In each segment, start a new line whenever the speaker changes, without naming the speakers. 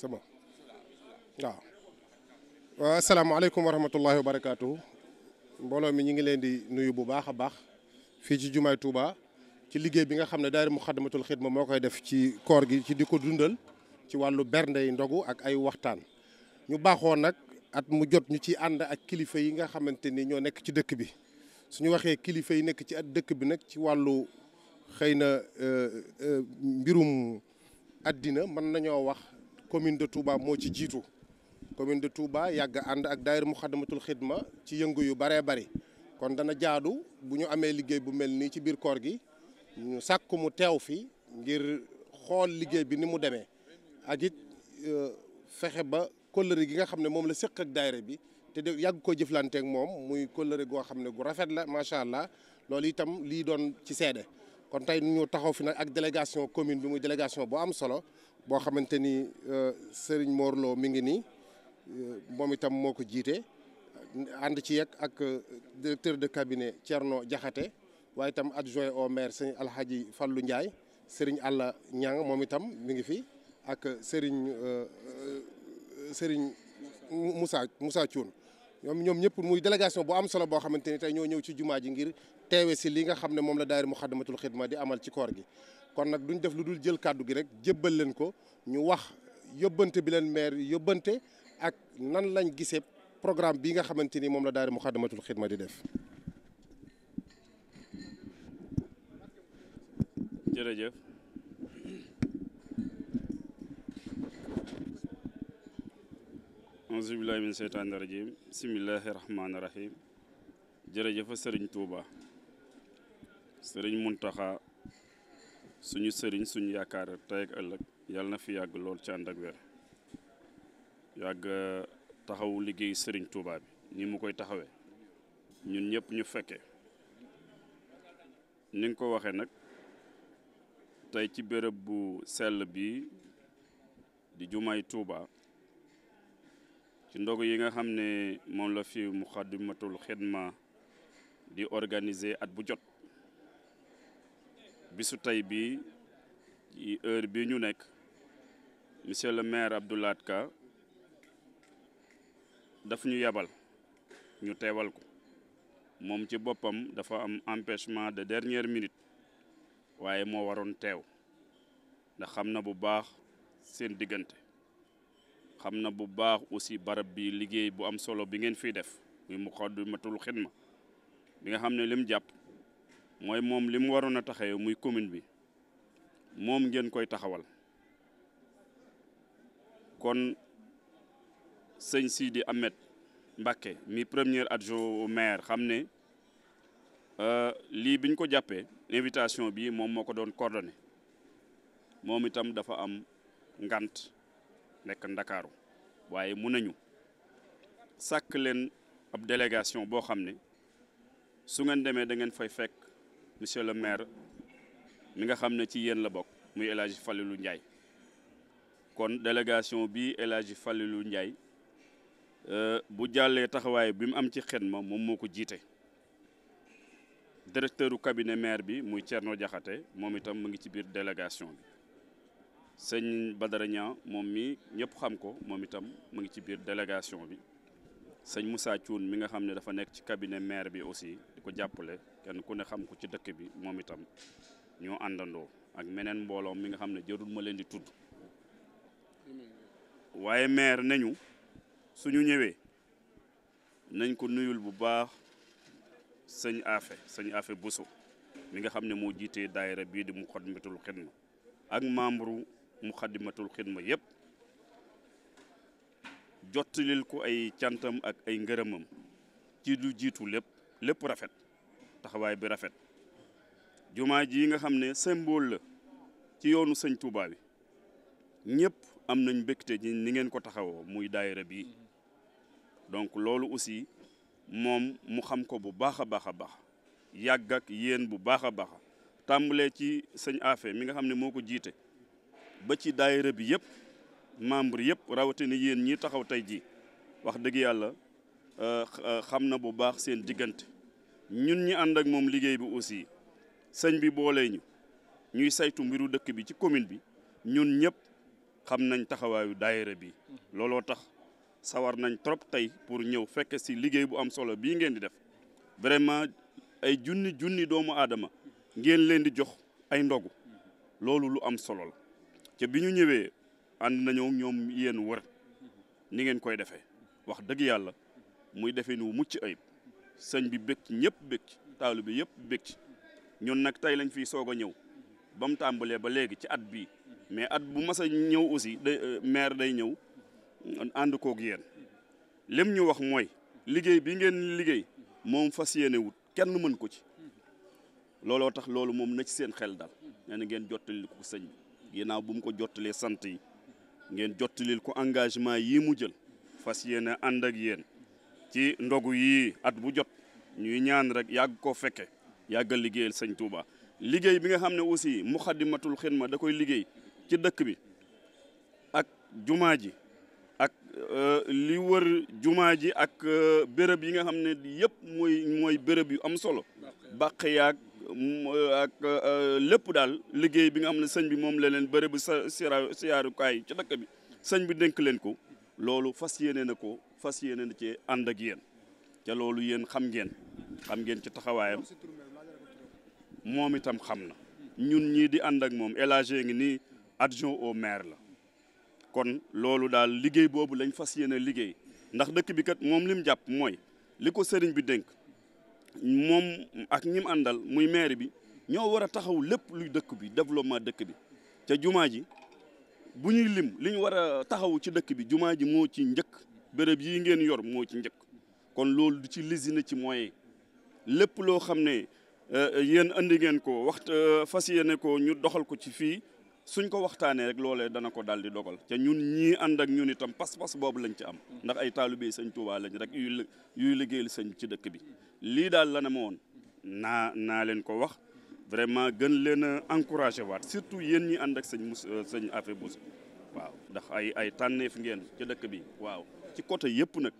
c'est bon waaw waaw asalaamaaleykum wa wa barakaatu mbooloo mi ñu ngi leen di nuyu bu baax a baax fii ci jumaay Touba ci liggéey bi nga xam ne daayira Muxaddamatul Xidma moo koy def ci koor gi ci di ko dundal ci wàllu bernde yi ndogu ak ay waxtaan ñu baaxoo nag at mu jot ñu ci ànd ak kilifa yi nga xamante ni ñoo nekk ci dëkk bi suñu waxee kilifa yi nekk ci at dëkk bi nag ci wàllu xëy na euh, euh, mbirum àddina mën nañoo wax commune de Touba moo ci jiitu commune de Touba yàgg ànd ak daayira Muxaddamatul Xidma ci yëngu yu baree bari kon dana jaadu bu ñu amee liggéey bu mel nii ci biir koor gi ñu sàkk mu teew fi ngir xool liggéey bi ni mu demee ak it euh, fexe ba kóllëre gi nga xam ne moom la sëq ak daayira bi te de yàgg ko jëflanteek moom muy kóllëre goo xam ne gu rafet la macha allah loolu itam lii doon ci seede kon tey ñu taxaw fi nag ak délégation commune bi muy délégation bu am solo boo xamante ni euh, Serigne Mor Lo mi ngi nii euh, moom itam moo ko jiite ànd ci yegg ak euh, directeur de cabinet Thierno Diakhaté waaye itam adjoint au maire sëñ Alhaji fallu Ndiaye Serigne Alla Niang moom itam mi ngi fi ak Serigne Serigne Moussa Moussa Thioune ñoom ñoom ñëpp muy délégation bu am solo boo xamante ni tey ñoo ñëw ci jumaa ji ngir teewe si li nga xam ne moom la daar Muxaddamatul Xidma di amal ci koor gi kon nag duñ def lu dul jël kàddu gi rek jëbbal leen ko ñu wax yóbbante bi leen maire yóbbante ak nan lañ gisee programme bi nga xamante ni moom la daayira Muxaddamatul Xidma di def.
jërëjëf. auzu billaahi min seytaani rajiim bismillaahi rahmaani jërëjëf Sëriñ Tuuba sëriñ taxa suñu sëriñ suñu yaakaar tey ak ëllëg yàlla na fi yàgg lool ci ànd ak wér yàgg uh, taxawu liggéey sëriñ Touba bi ni mu koy taxawee ñun ñëpp ñu fekke ni nga ko waxee nag tey ci bërëb bu sell bi di jumaay Touba ci ndog yi nga xam ne moom la fi mu Muxaddamatul Xidma di organiser at bu jot bisu tey bii ci heure bi ñu nekk monsieur le maire Abdou Lahad Ka daf ñu yebal ñu teewal ko moom ci boppam dafa am empêchement de dernière minute waaye moo waroon teew ndax xam na bu baax seen diggante xam na bu baax aussi barab bi liggéey bu am solo bi ngeen fiy def muy Muxaddamatul Xidma bi nga xam ne lim jàpp mooy moom li mu waroon a taxawee muy commune bi moom ngeen koy taxawal kon sëñ Sidi Ahmed Mbacké mi premier adjoint au maire xam ne euh, lii biñ ko jàppee invitation bi moom moo ko doon coordonné moom itam dafa am ngant nekk ndakaaru waaye mun nañu sàkk leen ab délégation boo xam ne su ngeen demee da ngeen fay fekk monsieur le maire mi nga xam ne ci yéen la bokk muy El Hadj Falilou kon délégation bi El Hadj Falilou Ndiaye euh, bu jàllee taxawaay bi mu am ci Xetma moom moo ko jiite directeur u maire bi muy Thierno Diakhaté moom itam mu ngi ci biir délégation bi sëñ Badara Niang moom mi ñëpp xam ko moom itam mu ngi ci biir délégation bi sëñ Moussa Thioune mi nga xam ne dafa nekk ci cabinet maire bi aussi di ko jàppale kenn ku ne xam ko ci dëkk bi moom itam ñoo àndandoo ak meneen mbooloo mi nga xam ne jërul ma leen di tudd waaye maire nañu suñu ñëwee nañ ko nuyul bu baax sëñ Afe sëñ Afe Bousso mi nga xam ne moo jiitee daayira bii di mu Muxaddamatul Xidma ak membre Muxaddamatul Xidma yëpp jottalil ko ay cantam ak ay ngërëmam ci lu jiitu lépp lépp rafet taxawaay bi rafet jumaa ji nga xam ne symbole la ci yoonu sëñ Touba bi ñëpp am nañ mbégte ji ni ngeen ko taxawoo muy daayira bi donc loolu aussi moom mu xam ko bu baax a baax a baax yàgg ak yéen bu baax a baax tàmbalee ci sëñ Afe mi nga xam ne moo ko jiite ba ci daayira bi yëpp membre yëpp rawatina yéen ñi taxaw tey ji wax dëgg yàlla euh, euh, xam na bu baax seen diggante ñun ñi ànd ak moom liggéey bi aussi sëñ bi boolee ñu ñuy saytu mbiru dëkk bi ci commune bi ñun ñëpp xam nañ taxawaayu daayira bi looloo tax sawar nañ trop tey pour ñëw fekk si liggéey bu am solo bii ngeen di def vraiment ay junni junni doomu aadama ngeen leen di jox ay ndogu loolu lu am solo la ca bi ñu ñëwee ànd nañoo ñoom yéen wër ni ngeen koy defee wax dëgg yàlla muy defin wu mucc ayib sëñ bi bëgg ñëpp bëgg taalu bi yëpp bëgg ñun nag tey lañ fi soog a ñëw ba mu tàmbalee ba léegi ci at bi mais at bu mas a ñëw aussi day euh, maire day ñëw ànd koog yéen lim ñu wax mooy liggéey bi ngeen liggéey moom fas yéene wut kenn mën ko ci looloo tax loolu moom na ci seen xel daal nee ngeen jottali sañ bi ginnaaw bu mu ko jottalee sant yi ngeen jottalil ko engagement yi mu jël fas yéene ànd ak yéen ci ndogu yi at bu jot ñuy ñaan rek yàgg ko fekke yàggal liggéeyal sëñ Touba liggéey bi nga xam ne aussi muxadimatul xidma da koy liggéey ci dëkk bi ak jumaa ji ak euh, li wër jumaa ji ak euh, béréb yi nga xam ne yëpp mooy mooy béréb yu am solo bàq yaag Euh, ak euh, lépp daal liggéey bi nga xam ne sëñ bi moom la leen bëri bu sa siyaarukaay ci dëkk bi sëñ bi dénk leen ko loolu fas yéene na ko fas yéene na cee ànd ak yéen te loolu yéen xam ngeen xam ngeen ci taxawaayam moom itam xam na ñun ñii di ànd ak moom El Hadj ngi ni adjoint au maire la kon loolu daal liggéey boobu lañ fas yéene liggéey ndax dëkk bi kat moom lim jàpp mooy li ko sëriñ bi dénk moom ak ñim àndal muy maire bi ñoo war a taxaw lépp luy dëkk bi développement dëkk bi te jumaa ji bu ñuy lim li ñu war a taxaw ci dëkk bi jumaa ji moo ci njëkk bërëb yi ngeen yor moo ci njëkk kon loolu du ci lisine ci moyen lépp loo xam ne euh, yéen andi ngeen ko waxt euh, fas yéene ko doxal ko ci fii suñ ko waxtaanee rek loolee dana ko daal di dogal te ñun ñii ànd ak ñun itam pas-pas boobu lañ ci am ndax ay taalibe sëñ Tuubaa lañ rek yuy yuy sañ ci dëkk bi lii daal la ne ma woon naa naa leen ko wax vraiment gën leen a encouragé waat surtout yéen ñi ànd ak sëñ mus euh, sëñ Afe Bousso waaw ndax ay ay tànneef ngeen ci dëkk bi waaw ci côté yëpp nag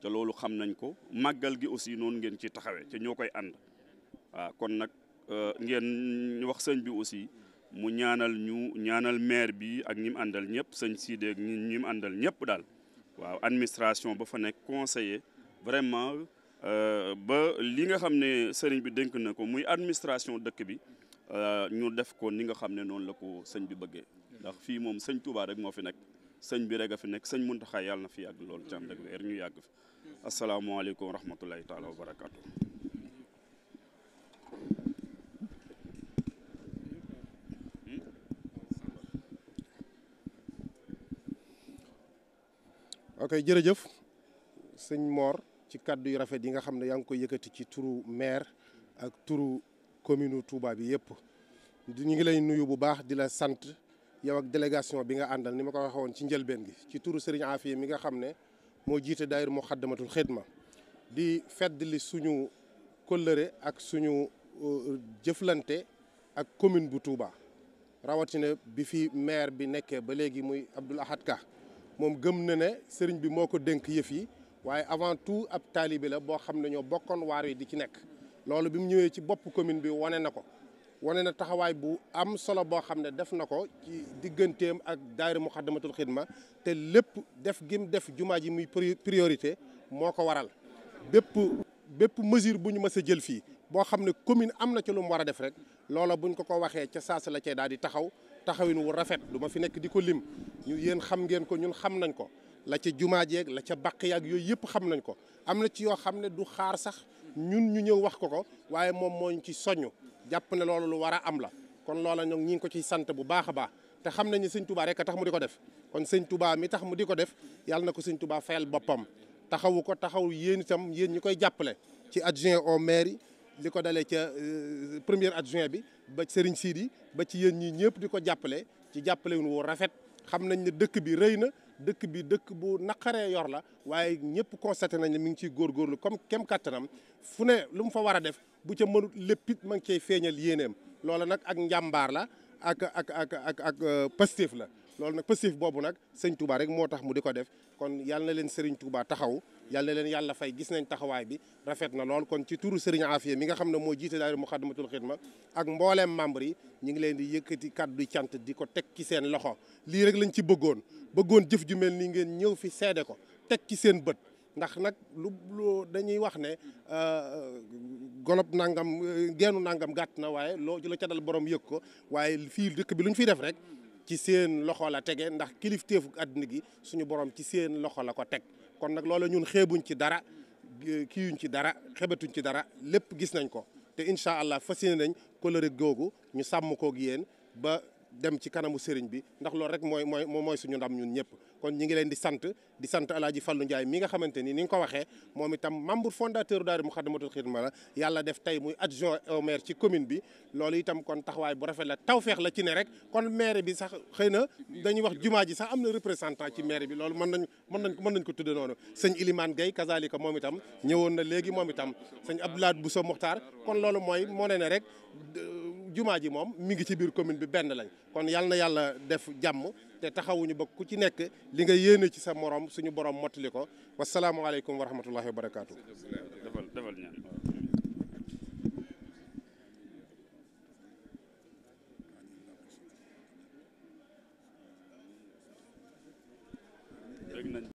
te loolu xam nañ ko màggal gi aussi noonu ngeen ci taxawee te ñoo koy ànd waaw kon nag euh, ngeen wax sëñ bi aussi mu ñaanal ñu ñaanal maire bi ak ñi mu àndal ñëpp sëñ Sidé ak ñi àndal ñëpp daal waaw administration ba fa nekk conseiller vraiment Euh, ba li nga xam ne sëriñ bi dénk na ko muy administration dëkk bi euh, ñu def ko ni nga xam ne noonu la ko sëñ bi bëggee ndax fii moom sëñ Touba rek moo fi nekk sëñ bi rek a fi nekk sëñ Muntaxa yàlla na fi yàgg loolu ci ànd ak weer yàgg fi asalaamaaleykum wa rahmatulahi taala wa barakaatu.
ok jërëjëf sëñ Mor ci kàddu yu rafet yi nga xam ne yaa ngi koy yëkkati ci turu maire ak turu commune Touba bi yëpp di ñu ngi lay nuyu bu baax di la sant yow ak délégation bi nga àndal ni ma ko waxee woon ci njëlbeen gi ci turu Serigne Afia mi nga xam ne moo jiite daayir Muxaddamatul Xidma di fedd li suñu kóllëre ak suñu euh, jëflante ak commune bu Touba rawatina bi fi maire bi nekkee ba léegi muy Abdoul Ahad moom gëm na ne sëriñ bi moo ko dénk yëf yi waaye avant tout ab taalibe la boo xam ne ñoo bokkoon waar yi di ci nekk loolu bi mu ñëwee ci bopp commune bi wane na ko wane na taxawaay bu am solo boo xam ne def na ko ci digganteem ak daayira muxaddamatul xidma te lépp def gim def jumaa ji muy priorité moo ko waral bépp bépp mesure bu ñu mës sa jël fii boo xam ne commune am na ci lu mu war a def rek loola buñ ko ko waxee ca saas la cee daal di taxaw taxawin wu rafet du ma fi nekk di ko lim ñu yéen xam ngeen ko ñun xam nañ ko la ca jumaa jeeg la ca bàq yaag yooyu yëpp xam nañ ko am na ci yoo xam ne du xaar sax ñun ñu ñëw wax ko ko waaye moom moo ñu ci soññ jàpp ne loolu lu war a am la kon loola ñoom ñi ko ciy sant bu baax a baax te xam nañ ne sëñ Touba rek a tax mu di ko def kon sëñ Touba mi tax mu di ko def yàlla na ko sëñ Touba fayal boppam taxawu ko taxaw yéen itam yéen ñi koy jàppale ci adjoint au maire li ko dalee ca euh, premier adjoint bi ba Serigne Sidi ba ci yéen ñi ñëpp di ko jàppale ci jàppale wu rafet xam nañ ne dëkk bi rëy na dëkk bi dëkk bu naqaree yor la waaye ñëpp constaté nañ ne mi ngi ciy góorgóorlu comme kem kattanam fu ne lu mu fa war a def bu ca mënut lépp it ma ngi cay feeñal yéeneem loola nag ak njàmbaar la ak ak ak ak ak euh, pastéef la loolu nag pastéef boobu nag sëñ Touba rek moo tax mu di ko def kon yàlla na leen sëriñ Touba taxaw yàlla leen yàlla fay gis nañ taxawaay bi rafet na lool kon ci turu Serigne Afia mi nga xam ne moo jiite daayira Muxaddamatul Xidma ak mbooleem membre yi ñu ngi leen di yëkkati kàddu cant di ko teg ci seen loxo lii rek lañ ci bëggoon bëggoon jëf ju mel ni ngeen ñëw fi seede ko teg ci seen bët ndax nag lu lu dañuy wax ne euh, golob nangam euh, geenu nangam gàtt na waaye loo la ca dal borom yëg ko waaye fii dëkk bi lu ñu fiy def rek ci seen loxo la tege ndax kilifteefu àddina gi suñu borom ci seen loxo la ko teg kon nag loolu ñun xeebuñ ci dara kiiyuñ ci dara xebatuñ ci dara lépp gis nañ ko te incha allah fas yéene nañ coloré googu ñu sàmm koog yéen ba dem ci kanamu sëriñ bi ndax loolu rek mooy mooy mooy suñu ndam ñun ñëpp kon ñi ngi leen di sant di sant alaaji Fallou Ndiaye mi nga xamante ni ni nga ko waxee moom itam membre fondateur daari Moukhaddamatoul Khidma la yàlla def tey muy adjoint au maire ci commune bi loolu itam kon taxawaay bu rafet la tawfeex la ci ne rek kon maire bi sax xëy na dañuy wax jumaa ji sax am na représentant ci maire bi loolu mën nañ mën nañ mën nañ ko tudde noonu sëñ Ilimane Gueye kazalika moom itam ñëwoon na léegi moom itam sëñ Abdoulaye Bousso Mokhtar kon loolu mooy moo ne ne rek jumaa ji moom mi ngi ci biir commune bi benn lañ kon yal na yàlla def jàmm te taxawuñu ba ku ci nekk li nga yéene ci sa morom suñu borom mottali ko wasalaamualeykum wa rahmatullahi wa barakaatu.